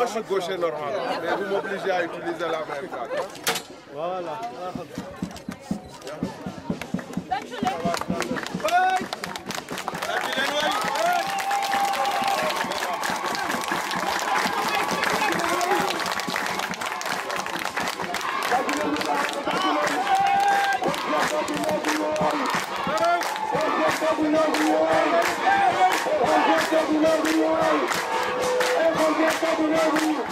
Moi, je suis gaucher normal, mais vous m'obligez à utiliser la même plaque. Voilà. Thank you. Obrigado, meu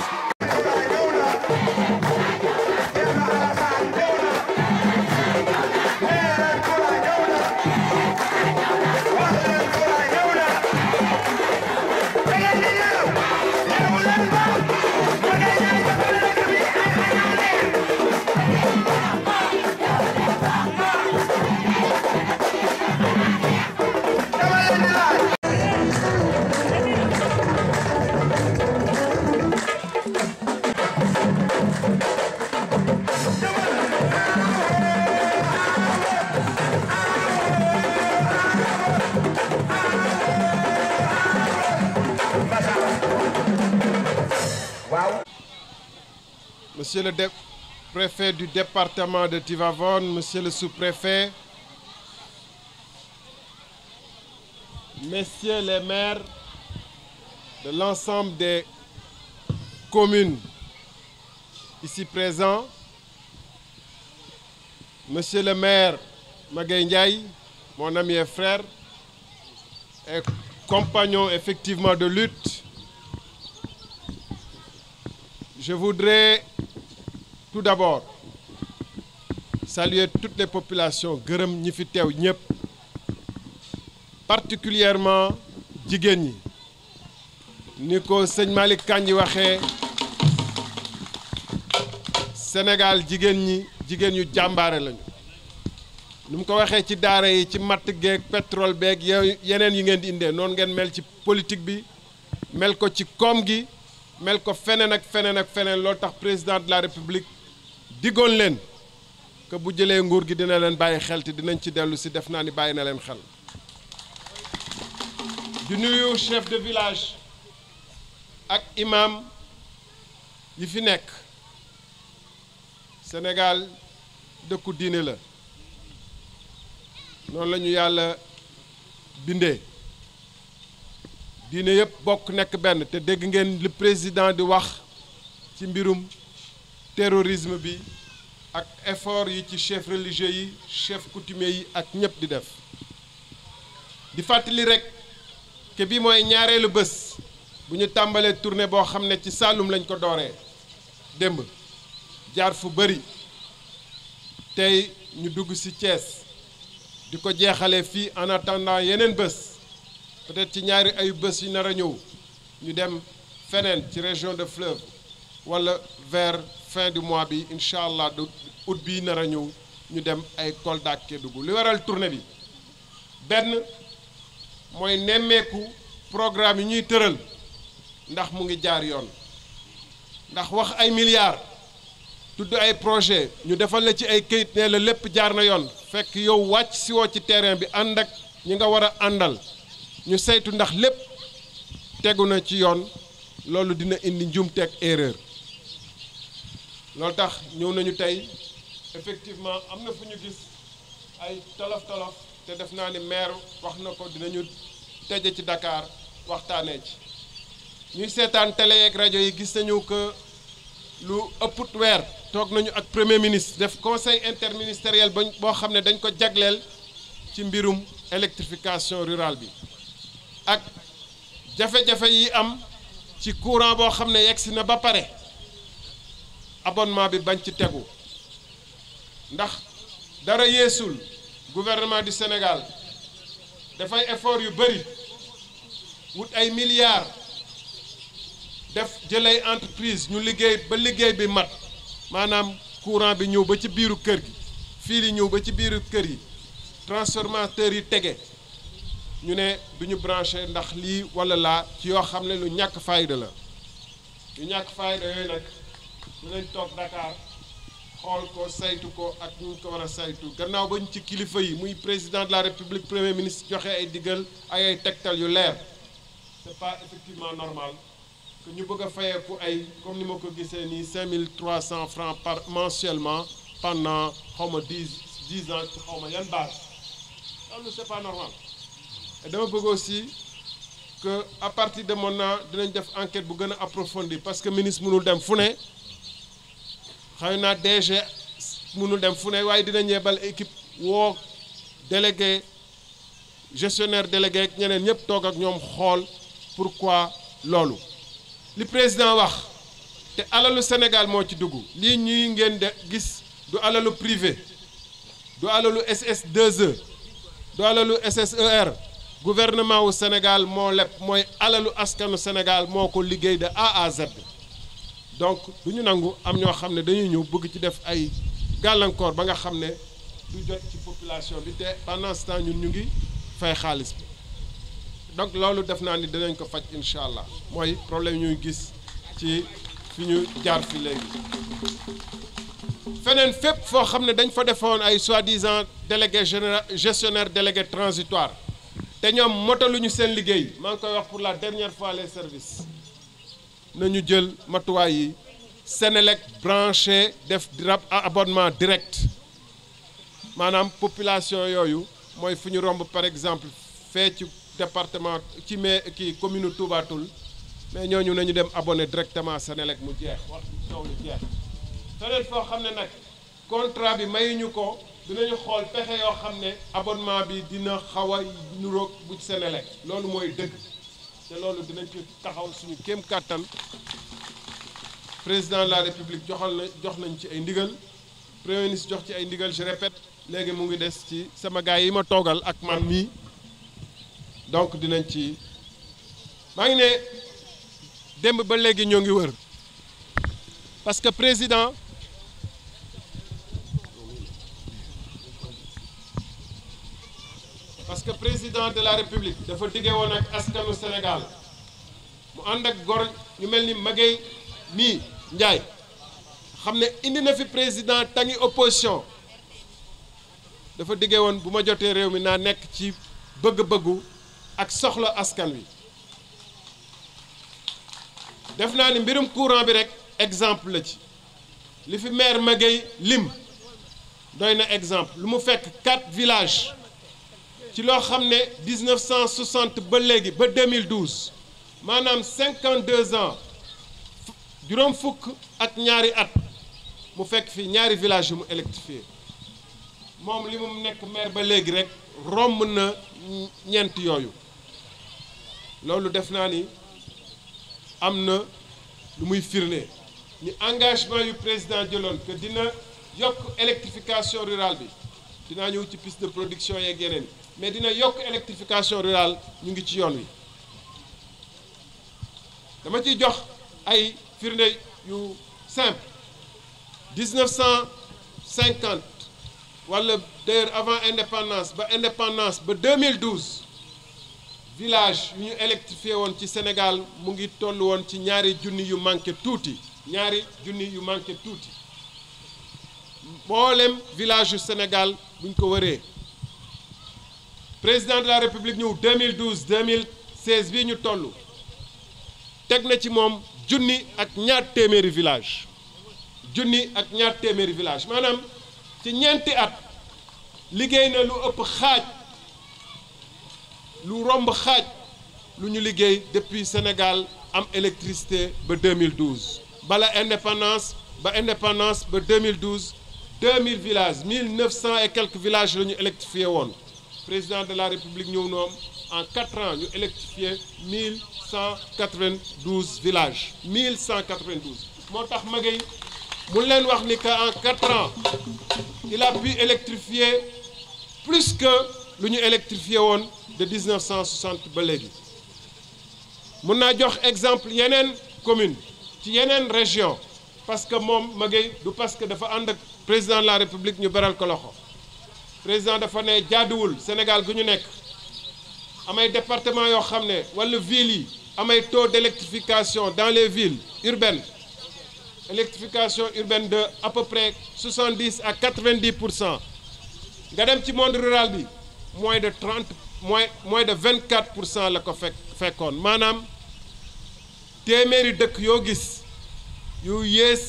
waaw. Monsieur le préfet du département de tivavon monsieur le sous-préfet, messieurs les maires de l'ensemble des communes ici présents, monsieur le maire Magaye Ndiaye, mon ami et frère, et compagnon effectivement de lutte, Je voudrais tout d'abord saluer toutes les populations gërëm ñi fi teew ñëpp particulièrement jigéen ñi ni ko sëñ Malick Kandji waxee senegal jigéen ñi jigéen yu jàmbaare lañu nu mu ko waxee ci daara yi ci matt geeg petrol beeg yeneen yi ngeen di indee noonu ngeen mel ci politique bi mel ko ci koom gi mel ko feneen ak feneen ak feneen loolu tax président de la république diggoon leen que bu jëlee nguur gi dina leen bàyyi xel te dinañ ci dellu si def naa ni bàyyi na leen xel di nuyu chef de village ak imam yi fi nekk Sénégal dëkku diine la noonu la ñu yàlla bindee diine yëpp bokk nekk benn te dégg ngeen li président di wax ci mbirum terrorisme bi ak effort yi ci chef religieux yi chef coutumier yi ak ñëpp di def di fàttali rek ke bi mooy ñaareelu bés bu ñu tàmbalee tournée boo xam ne ci Saalum lañ ko dooree démb jaar fu bëri tey ñu dugg ci Thiès di ko jeexalee fii en attendant yeneen bés peut-être ci ñaari ay bés yi nar a ñëw ñu dem feneen ci région de Fleuve wala vers fin de mois bi incha allah du août bii nar a ñëw ñu dem ay Kolda ak li waral tournée bi benn mooy nemmeeku programme yi ñuy tëral ndax mu ngi jaar yoon ndax wax ay milliards tudd ay projet ñu defal la ci ay kayit ne la lépp jaar na yoon fekk yow wàcc si woo ci terrain bi ànd ak ñi nga war a àndal ñu saytu ndax lépp tegu na ci yoon loolu dina indi njumteeg erreur loolu tax ñëw nañu tey effectivement am na fu ñu gis ay tolof tolof te def naa ni maire wax na ko dinañu tëje ci dakaar waxtaanee ci ñuy seetaan télé yeeg rajo yi gis nañu que lu ëpp weer toog nañu ak premier ministre def conseil interministériel ba boo xam ne dañ ko jagleel ci mbirum électrification rural bi ak jafe-jafe yi am ci courant boo xam ne yegsi na ba pare abonnement bi bañ ci tegu ndax dara yéesul gouvernement di Sénégal dafay effort yu bëri wut ay milliards def jëlay entreprise ñu liggéey ba liggéey bi mat maanaam courant bi ñëw ba ci biiru kër gi fii li ñëw ba ci biiru kër yi transformateur yi tege ñu ne duñu branché ndax lii wala la ci yoo xam ne lu ñàkk fayda la lu ñàkk fayda yooyu nag dinañ toog Dakar xool ko saytu ko ak ñu ko war saytu gannaaw bañ ci kilifa yi muy président de la république premier ministre joxe ay digal ay ay tegtal yu leer c'est pas effectivement normal que ñu bëgg a fayeeku ay comme ni ma ko gisee nii 5300 francs par mensuellement pendant xaw ma 10 10 ans xaw ma yan base loolu c'est pas normal et dama bëgg aussi que à partir de maintenant dinañ def enquête bu gën a approfondie parce que ministre mënul dem fu ne xëy na DG mënul dem fu ne waaye dinañ yebal équipe woo délégué gestionnaire délégué ak ñeneen ñëpp toog ak ñoom xool pourquoi loolu li président wax te alalu Sénégal moo ci dugg lii ñuy ngeen de gis du alalu privé du alalu SS2E du alalu SSER gouvernement wu Sénégal moo leb mooy alalu askanu Sénégal moo ko liggéey de A à Z donc du ñu nangu am ñoo xam ne dañuy ñëw bugg ci def ay gàllankoor ba nga xam ne du jot ci population bi te pendant ce ñun ñu ngi fay xaalis bi donc loolu def naa ni dinañ ko faj incha allah mooy problème ñuy gis ci fi ñu jaar fi léegi feneen fépp foo xam ne dañ fa defoon ay soi-disant délégué général gestionnaire délégué transitoire te ñoom ñu seen liggéey maa ngi koy wax pour la dernière fois les services nañu jël matuwaay yi Senelec branché def rab abonnement direct maanaam population yooyu mooy fu ñu romb par exemple fee ci département ci mais kii commune Touba Toul mais ñooñu nañu dem abonné directement Senelec mu jeex wax coow lu xam ne nag contrat bi mayuñu ko dina ñu xool pexe yoo xam ne abonnement bi dina xawa a nuroog bu Senelec loolu mooy dëgg te loolu dinañ ci taxaw suñu kéem kàttan président la république joxal na jox nañ ci ay ndigal premier ministre jox ci ay ndigal je répète léegi mu ngi des ci sama gars yi ma toogal ak man mii donc dinañ ci maa ngi ne démb ba léegi ñoo ngi wër parce président que président de la république dafa dige woon ak askanu Sénégal mu ànd ak gor ñu mel ni Magueye mii Ndiaye xam ne indi na fi président tangi opposition dafa dige woon bu ma jotee réew mi naa nekk ci bëgg-bëggu ak soxla askan wi def naa ni mbirum courant bi rek exemple la ci li fi maire Magueye lim doy na exemple lu mu fekk quatre village ci loo xam ne 1960 ba léegi ba 2012 maanaam 52 ans juróom fukk ak ñaari at mu fekk fi ñaari village yu mu électrifié moom li mu nekk maire ba léegi rek romb na ñeent yooyu loolu def naa ni am na lu muy firnde ni engagement yu président jëloon que dina yokk électrification rurale bi dinaa ñëw ci piste de production yeeg yeneen mais dina yokk électrification rurale ñu ngi ci yoon wi dama ci jox ay firnde yu simple 1950 wala d'ailleurs avant indépendance ba indépendance ba 2012 village yu ñu électrifié woon ci Sénégal mu ngi toll woon ci ñaari junni yu manqué tuuti ñaari junni yu manqué tuuti mboolem village yu Sénégal buñ ko waree président de la république ñëw 2012 2016 bii ñu toll teg na ci moom junni ak ñaar téeméeri village junni ak ñaar téeméeri village maanaam ci ñeenti at liggéey na lu ëpp xaaj lu romb xaaj lu ñu liggéey depuis Sénégal am électricité ba 2012 bala indépendance ba indépendance ba 2012 2000 villages 1900 et quelques villages la ñu électrifié woon président de la république ñëw noom en quatre ans ñu électrifier mille cent quatre-vingt-douze mille cent quatre vingt moo tax magay mu leen wax ni que en quatre ans il a pu électrifier plus que lu ñu électrifié woon de 1960 ba léegi mun naa jox exemple yeneen commune ci yeneen région parce que moom magay du parce que dafa ànd ak président de la république ñu baral ko loxo président dafa ne jaaduwul Sénégal gu ñu nekk amay département yoo xam ne wala ville yi amay taux d'électrification dans les villes urbaines électrification urbaine de à peu près soixante-dix à quatre vingt pour cent nga dem ci monde rural bi moins de trente moins moins de vingt-quatre pour cent la ko fekk fekkoon maanaam téeméeri dëkk yoo gis yu yées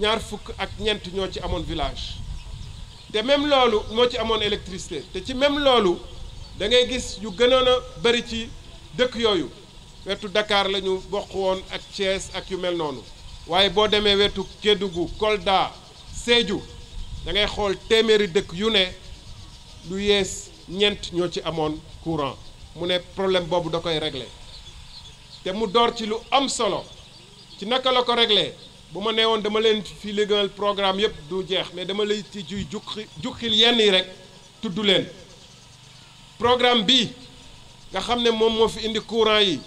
ñaar fukk ak ñeent ñoo ci amoon village te même loolu moo ci amoon électricité te ci même loolu da ngay gis yu gënoon a bari ci dëkk yooyu wetu Dakar la ñu bokk woon ak Thiès ak yu mel noonu waaye boo demee wetu Kédougou koldaa Sédhiou da ngay xool téeméeri dëkk yu ne lu yées ñeent ñoo ci amoon courant mu ne problème boobu da koy régler te mu door ci lu am solo ci naka la ko regle bu ma nee woon dama leen fi liggéeyal programme yëpp du jeex mais dama lay ci juy jukki jukkil yenn yi rek tudd leen programme bi nga xam ne moom moo fi indi courant yi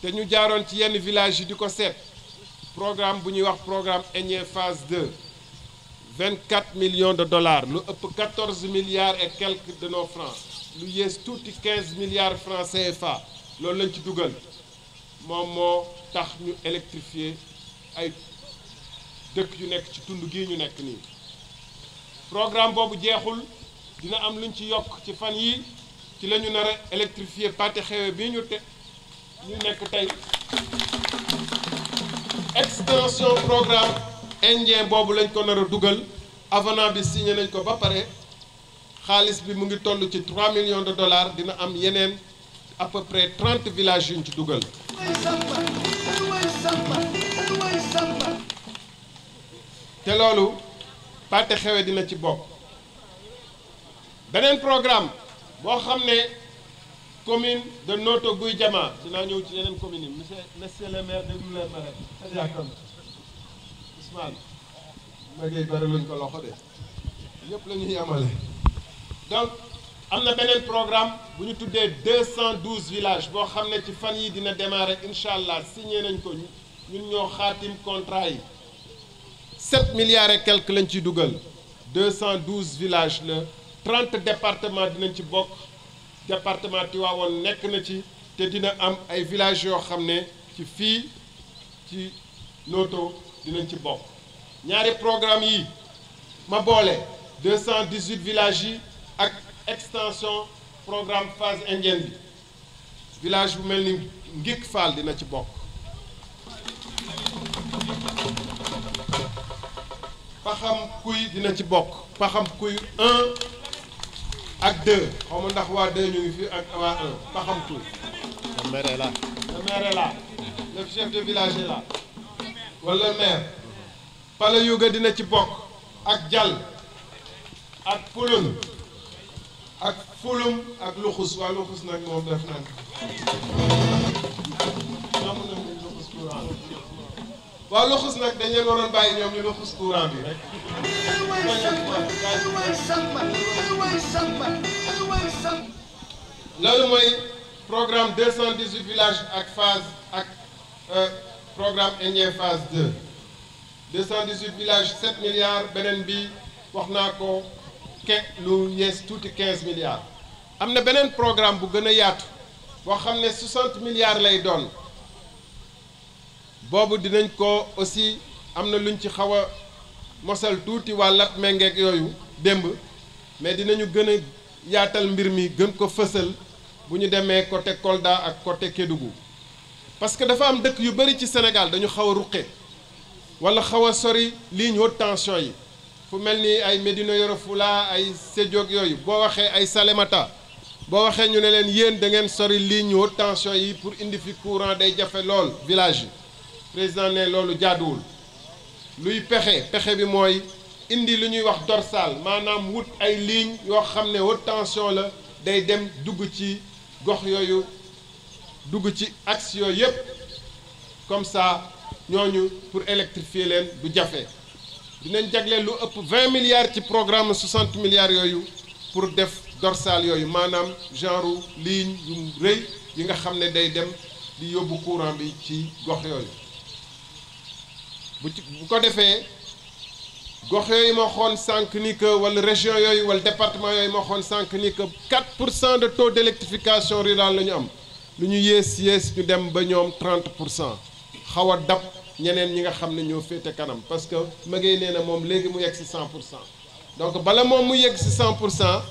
te ñu jaaroon ci yenn village yi di ko seet programme bu ñuy wax programme Aigné phase 2 24 millions de dollars lu ëpp 14 milliards et quelques de nos francs lu yées tuuti 15 milliards francs CFA loolu lañ ci dugal moom moo tax ñu électrifier ay dëkk yu nekk ci tund gii ñu nekk nii programme boobu jeexul dina am luñ ci yokk ci fan yi ci la ñu nar a électrifier pàtte bii ñu te ñu nekk tey extension programme indien boobu lañ ko nar dugal avenant bi signé nañ ko ba pare xaalis bi mu ngi toll ci 3 millions de dollars dina am yeneen à peu près 30 villages yuñ ci dugal te loolu pàtte xewe dina ci bokk beneen programme boo xam ne commune de Notto Gouye Diama dinaa ñëw ci yeneen commune yi monsieur monsieur le maire déglu leen ma rek a yàkkam Ousmane ma géey bari luñ ko loxo de ñépp la ñuy donc am na beneen programme bu ñu tuddee 212 villages boo xam ne ci fan yi dina démarrer incha allah signé nañ ko ñu ñoo xaatim contrat yi sept milliards et quelque lañ ciy dugal deux cent douze villages la trente départements dinañ ci bokk département Tivaouane nekk na ci te dina am ay villages yoo xam ne ci fii ci Noto dinañ ci bokk ñaari programme yi ma boole deux cent dix huit villages yi ak extension programme phase indienne bi village bu mel ni Ngik Fall dina ci bokk paxam kuy dina ci bokk paxam kuy un ak deux dina ci bokk ak jàll ak pulun ak fulum ak luxus waa luxus nag moom def naan waaw luxus nag dañ leen waroon bàyyi ñoom ñu luxus courant bi rek. loolu mooy programme 218 villages ak phase ak euh, programme énième cent 2 218 villages 7 milliards beneen bi wax naa ko ke lu yees tuuti 15 milliards. am na beneen programme bu gën a yaatu boo xam ne 60 milliards lay doon. boobu dinañ ko aussi am na luñ ci xaw a mosal tuuti waa lat mengeeg yooyu démb mais dinañu gën a yaatal mbir mi gën ko fësal bu ñu demee côté Kolda ak côté Kédougou parce que dafa am dëkk yu bari ci Sénégal dañu xaw a ruqe wala xaw a sori ligne haute tension yi fu mel ni ay Médina Yoro Foulah ay Sédhiou yooyu boo waxee ay Salémata boo waxee ñu ne leen yéen da ngeen sori ligne haute tension yi pour indi fi courant day jafe lool village yi président ne loolu jaaduwul luy pexe pexe bi mooy indi lu ñuy wax dorsal maanaam wut ay ligne yoo xam ne haute tension la day dem dugg ci gox yooyu dugg ci axe yooyu yëpp comme ça ñooñu pour électrifier leen du jafe dinañ jagleel lu ëpp 20 milliards ci programme 60 milliards yooyu pour def dorsal yooyu maanaam genre ligne yu rëy yi nga xam ne day dem di yóbbu courant bi ci gox yooyu bu ci bu ko defee gox yooyu ma xoon sànq ni wala région yooyu wala département yooyu ma xoon sànq ni pour cent de taux d' électrification rurale la ñu am lu ñu yées yées ñu dem ba ñoom 30 pour cent xaw a dab ñeneen ñi nga xam ne ñoo féete kanam parce que magey nee na moom léegi mu yegg si 100 pour cent donc bala moom mu yegg si 100 pour cent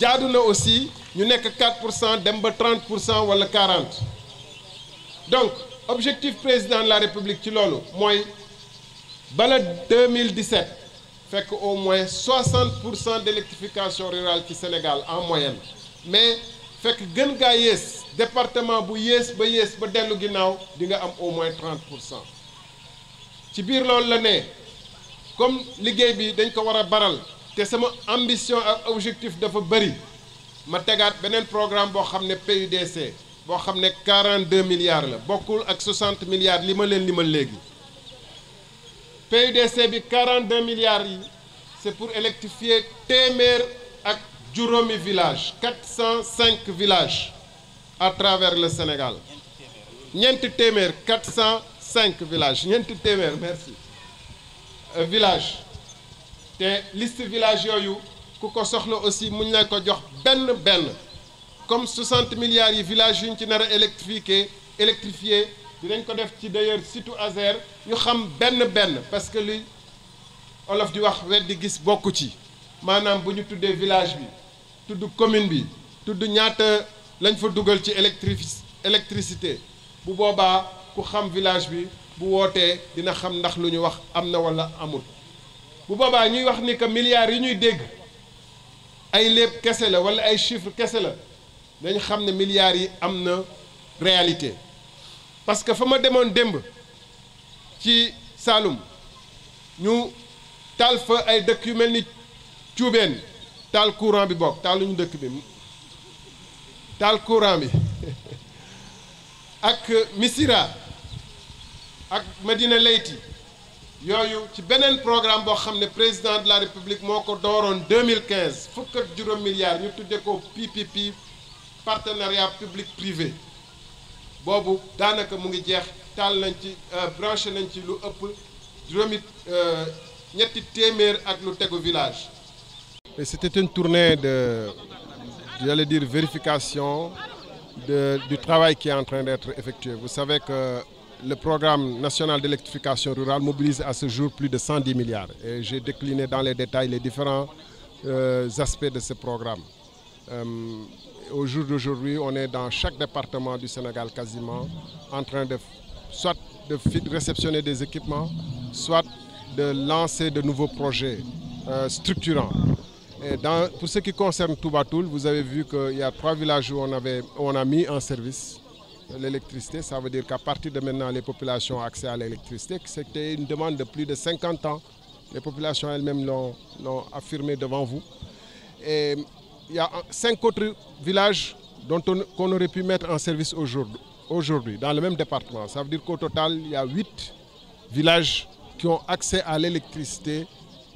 jaadu na aussi ñu nekk 4 pour cent dem ba 30 pour cent wala 40 donc objectif président la république ci loolu mooy. bala 2017 fekk au moins 60 pour cent d'électrification rurale ci Sénégal en moyenne mais fekk gën gaa yées département bu yées ba yées ba dellu ginnaaw di nga am au moins 30 pour cent ci biir loolu la ne comme liggéey bi dañ ko war a baral te sama ambition ak objectif dafa bëri ma tegaat beneen programme boo xam ne PUDC boo xam ne 42 milliards la bokkul ak 60 milliards li ma leen li ma léegi PUDC bi 42 milliards yi c'est pour électrifier téeméer ak juróomi village 405 villages à travers le Sénégal ñeenti téeméer 405 villages ñeenti téeméer merci euh, village te liste village yooyu ku ko soxla aussi muñ la ko jox benn benn comme 60 milliards yi villages yu ñu ci nar a électrifié dinañ ko def ci d'ailleurs surtout Azer ñu xam benn benn parce que li olof di wax weddi gis bokku ci maanaam bu ñu tuddee village bi tudd commune bi tudd ñaata lañ fa dugal ci électrifi électricité bu boobaa ku xam village bi bu wootee dina xam ndax lu ñu wax am na wala amul bu boobaa ñuy wax ni que milliards yi ñuy dégg ay léeb kese la wala ay chiffres kese la dañ xam ne milliards yi am na réalité parce que fa ma demoon démb ci Saalum ñu taal fa ay dëkk yu mel ni cuubeen taal courant bi bokk ñu dëkk bi taal courant bi ak Missira ak Medina Leyti yooyu ci beneen programme boo xam ne président de la république moo ko dooroon 2015 fukk ak juróom milliards ñu tudde ko PPP partenariat public privé boobu daanaka mu ngi jeex taal nañ ci euh, branché nañ ci lu ëpp juróomi euh, ñetti téeméer ak lu tegu village. c'était une tournée de j'allais dire vérification de du travail qui est en train d'être effectué vous savez que le programme national d'électrification rurale mobilise à ce jour plus de 110 milliards et j'ai décliné dans les détails les différents euh, aspects de ce programme. Euh, au jour d'aujourd'hui, on est dans chaque département du Sénégal quasiment en train de soit de réceptionner des équipements, soit de lancer de nouveaux projets euh, structurants. Et dans, pour ce qui concerne Toubatoul, vous avez vu qu'il y a trois villages où on, avait, où on a mis en service l'électricité. Ça veut dire qu'à partir de maintenant, les populations ont accès à l'électricité. C'était une de plus de 50 ans. Les populations elles-mêmes l'ont affirmé devant vous. il y a cinq autres villages dont on, qu'on aurait pu mettre en service aujourd'hui, aujourd'hui dans le même département. Ça veut dire qu'au total, il y a huit villages qui ont accès à l'électricité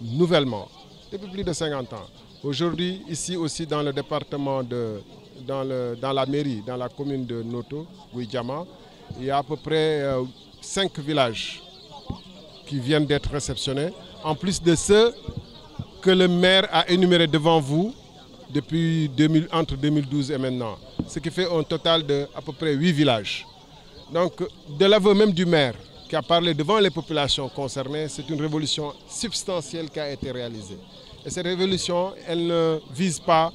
nouvellement depuis plus de 50 ans. Aujourd'hui, ici aussi dans le département de dans le dans la mairie, dans la commune de Noto, Ouidjama, il y a à peu près euh, cinq villages qui viennent d'être réceptionnés, en plus de ceux que le maire a énumérés devant vous depuis 2000, entre 2012 et maintenant, ce qui fait un total de à peu près 8 villages. Donc, de l'aveu même du maire, qui a parlé devant les populations concernées, c'est une révolution substantielle qui a été réalisée. Et cette révolution, elle ne vise pas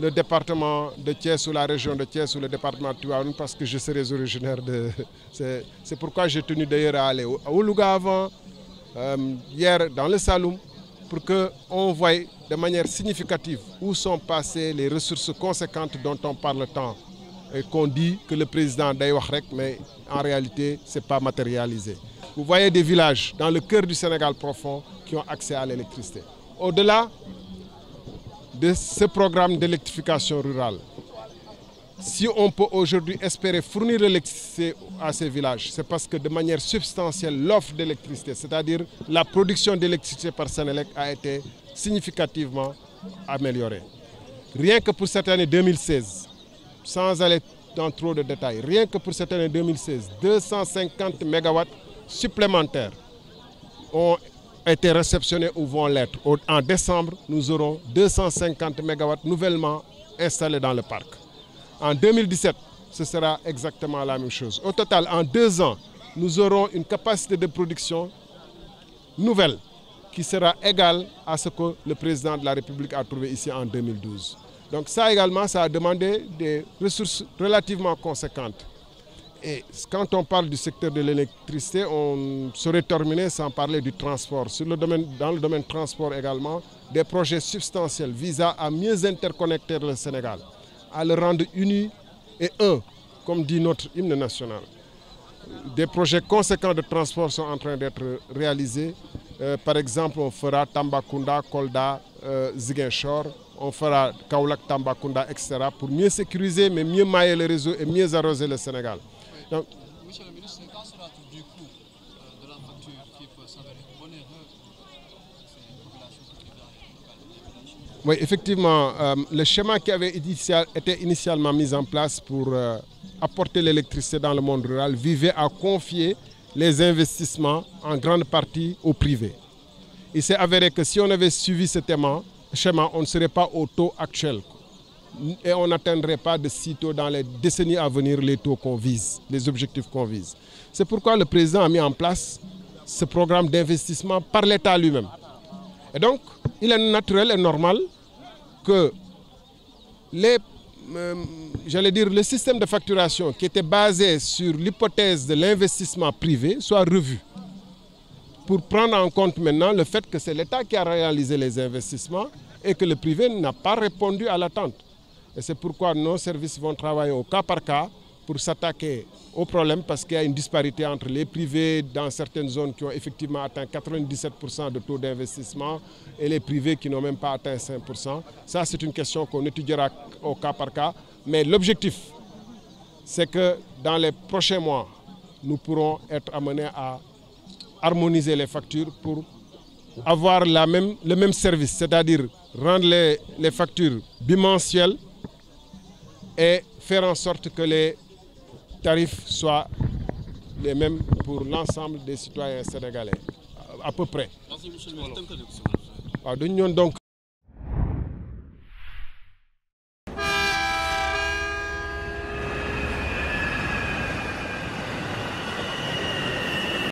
le département de Thiès ou la région de Thiès ou le département de parce que je serais originaire de... C'est pourquoi j'ai tenu d'ailleurs à aller au, Louga avant, euh, dans le Saloum, pour qu'on voie de manière significative où sont passées les ressources conséquentes dont on parle tant et qu'on dit que le président day wax rek mais en réalité c'est pas matérialisé. Vous voyez des villages dans le cœur du Sénégal profond qui ont accès à l'électricité. Au-delà de ce programme d'électrification rurale si on peut aujourd'hui espérer fournir l'électricité à ces villages, c'est parce que de manière substantielle, l'offre d'électricité, c'est-à-dire la production d'électricité par Sénélec, a été significativement améliorée. Rien que pour cette année 2016, sans aller dans trop de détails, rien que pour cette année 2016, 250 MW supplémentaires ont été réceptionnés ou vont l'être. En décembre, nous aurons 250 MW nouvellement installé dans le parc. En 2017, ce sera exactement la même Au total, en deux ans, nous aurons capacité de production nouvelle qui sera égale à que le président de la République a trouvé ici en Donc ça ça a demandé des ressources relativement conséquentes. Et quand on parle du secteur de l'électricité, on saurait terminer sans parler du transport. le domaine, dans le domaine transport également, des projets substantiels visant à mieux interconnecter le Sénégal. à le rendre uni et un, comme dit notre hymne national. Des projets conséquents de transport sont en train d'être réalisés. Euh, par exemple, on fera Tambacounda, Kolda, euh, Ziguinchor, on fera Kaulak, Tambacounda, etc. pour mieux sécuriser, mais mieux mailler le réseau et mieux arroser le Sénégal. Oui, effectivement, euh, le schéma qui avait initial, été initialement mis en place pour euh, apporter l'électricité dans le monde rural vivait à confier les investissements en grande partie au privé. Il s'est avéré que si on avait suivi ce schéma, on ne serait pas au taux actuel et on n'atteindrait pas de sitôt dans les décennies à venir les taux vise, les objectifs qu'on vise. C'est pourquoi le président a mis en place ce programme d'investissement par l'État lui-même. Et donc, il est naturel et normal que les, euh, j'allais dire, le système de facturation qui était basé sur l'hypothèse de l'investissement privé soit revu pour prendre en compte maintenant le fait que c'est l'État qui a réalisé les investissements et que le privé n'a pas répondu à l'attente. Et c'est pourquoi nos services vont travailler au cas par cas pour s'attaquer au problème parce qu'il y a une disparité entre les privés dans certaines zones qui ont effectivement atteint 97% de taux d'investissement et les privés qui n'ont même pas atteint 5%. Ça, c'est une question qu'on étudiera au cas par cas. Mais l'objectif, c'est que dans les prochains mois, nous pourrons être amenés à harmoniser les factures pour avoir la même, le même service, c'est-à-dire rendre les, les factures bimensuelles et faire en sorte que les tarifs soient les mêmes pour l'ensemble des citoyens sénégalais à peu près waaw dañu ñoon donc